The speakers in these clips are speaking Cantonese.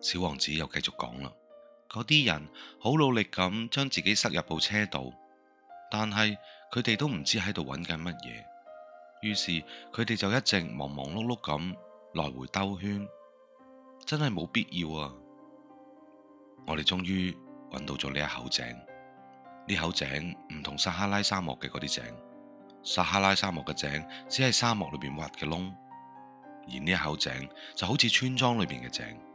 小王子又繼續講啦，嗰啲人好努力咁將自己塞入部車度，但係佢哋都唔知喺度搵緊乜嘢，於是佢哋就一直忙忙碌碌咁來回兜圈，真係冇必要啊！我哋終於搵到咗呢一口井，呢口井唔同撒哈拉沙漠嘅嗰啲井，撒哈拉沙漠嘅井只係沙漠裏邊挖嘅窿，而呢一口井就好似村莊裏邊嘅井。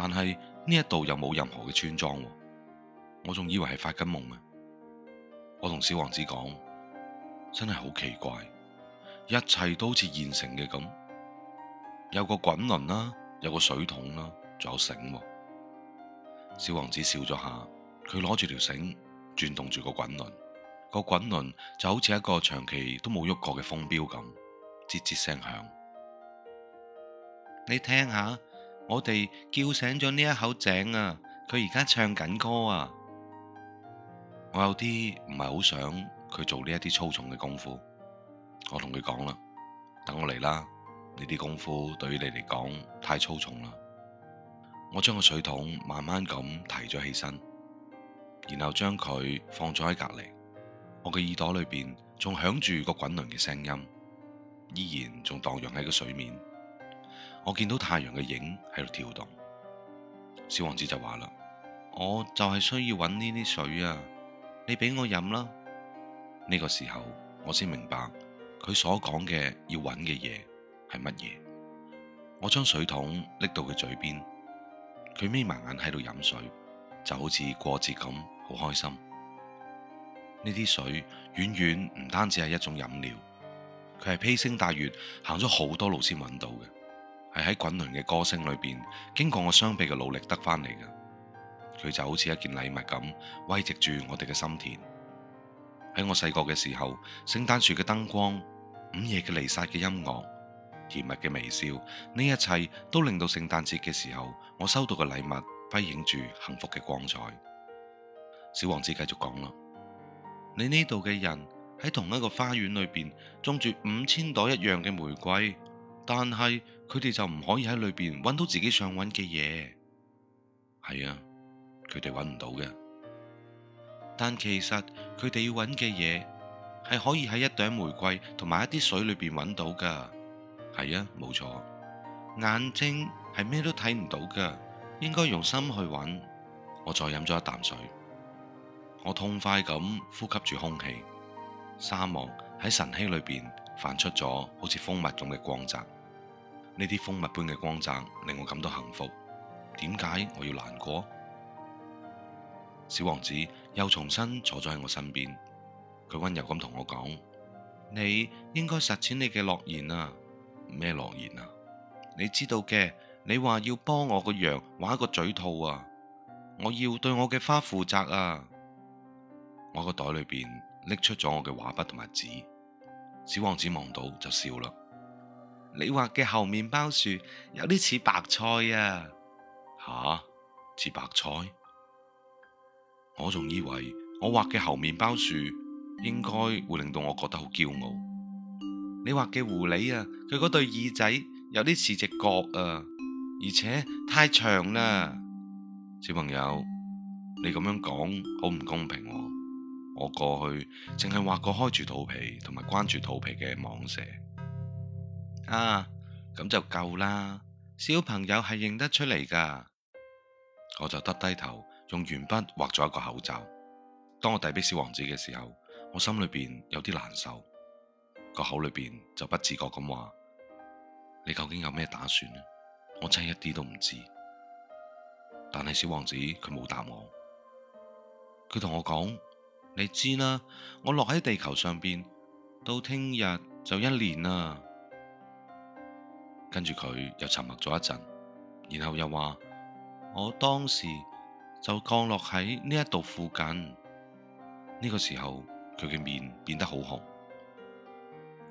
但係呢一度又冇任何嘅村莊，我仲以為係發緊夢啊。我同小王子講，真係好奇怪，一切都好似現成嘅咁，有個滾輪啦，有個水桶啦，仲有繩。小王子笑咗下，佢攞住條繩，轉動住個滾輪，個滾輪就好似一個長期都冇喐過嘅風標咁，吱吱聲響。你聽下。我哋叫醒咗呢一口井啊，佢而家唱緊歌啊！我有啲唔係好想佢做呢一啲粗重嘅功夫，我同佢講啦，等我嚟啦！呢啲功夫對於你嚟講太粗重啦。我將個水桶慢慢咁提咗起身，然後將佢放咗喺隔離。我嘅耳朵裏邊仲響住個滾輪嘅聲音，依然仲蕩漾喺個水面。我見到太陽嘅影喺度跳動，小王子就話啦：我就係需要搵呢啲水啊！你俾我飲啦。呢、這個時候我先明白佢所講嘅要搵嘅嘢係乜嘢。我將水桶拎到佢嘴邊，佢眯埋眼喺度飲水，就好似過節咁，好開心。呢啲水遠遠唔單止係一種飲料，佢係披星戴月行咗好多路先搵到嘅。係喺滾輪嘅歌聲裏邊，經過我雙臂嘅努力得翻嚟嘅，佢就好似一件禮物咁，慰藉住我哋嘅心田。喺我細個嘅時候，聖誕樹嘅燈光、午夜嘅彌撒嘅音樂、甜蜜嘅微笑，呢一切都令到聖誕節嘅時候我收到嘅禮物輝映住幸福嘅光彩。小王子繼續講啦，你呢度嘅人喺同一個花園裏邊種住五千朵一樣嘅玫瑰。但係佢哋就唔可以喺裏邊搵到自己想搵嘅嘢，係啊，佢哋搵唔到嘅。但其實佢哋要搵嘅嘢係可以喺一朵玫瑰同埋一啲水裏邊搵到噶。係啊，冇錯，眼睛係咩都睇唔到噶，應該用心去搵。我再飲咗一啖水，我痛快咁呼吸住空氣，沙漠喺晨曦裏邊泛出咗好似蜂蜜咁嘅光澤。呢啲蜂蜜般嘅光澤令我感到幸福，點解我要難過？小王子又重新坐咗喺我身邊，佢溫柔咁同我講：你應該實踐你嘅諾言啊！咩諾言啊？你知道嘅，你話要幫我個羊畫一個嘴套啊！我要對我嘅花負責啊！我個袋裏邊拎出咗我嘅畫筆同埋紙，小王子望到就笑啦。你畫嘅猴麵包樹有啲似白菜啊！吓、啊，似白菜？我仲以為我畫嘅猴麵包樹應該會令到我覺得好驕傲。你畫嘅狐狸啊，佢嗰對耳仔有啲似隻角啊，而且太長啦。小朋友，你咁樣講好唔公平，啊。我過去淨係畫過開住肚皮同埋關住肚皮嘅蟒蛇。啊，咁就夠啦！小朋友係認得出嚟噶，我就耷低頭用鉛筆畫咗一個口罩。當我遞俾小王子嘅時候，我心裏邊有啲難受，個口裏邊就不自覺咁話：你究竟有咩打算呢？我真係一啲都唔知。但係小王子佢冇答我，佢同我講：你知啦，我落喺地球上邊到聽日就一年啦。跟住佢又沉默咗一陣，然後又話：我當時就降落喺呢一度附近。呢個時候佢嘅面變得好紅。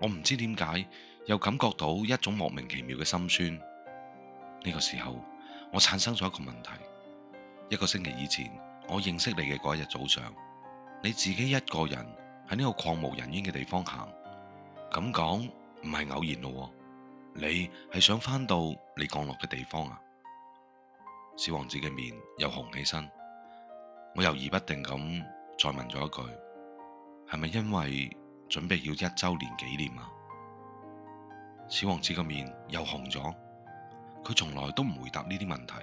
我唔知點解，又感覺到一種莫名其妙嘅心酸。呢個時候我產生咗一個問題：一個星期以前我認識你嘅嗰日早上，你自己一個人喺呢個曠無人煙嘅地方行，咁講唔係偶然咯。你係想返到你降落嘅地方啊？小王子嘅面又紅起身，我猶豫不定咁再問咗一句：係咪因為準備要一周年紀念啊？小王子嘅面又紅咗，佢從來都唔回答呢啲問題，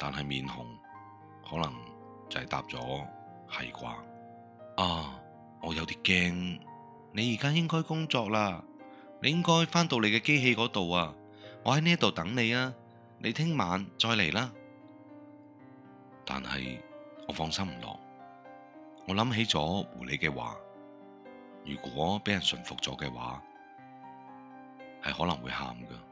但係面紅可能就係答咗係啩？啊，我有啲驚，你而家應該工作啦。你應該翻到你嘅機器嗰度啊！我喺呢度等你啊！你聽晚再嚟啦。但係我放心唔落，我諗起咗狐狸嘅話，如果俾人馴服咗嘅話，係可能會喊㗎。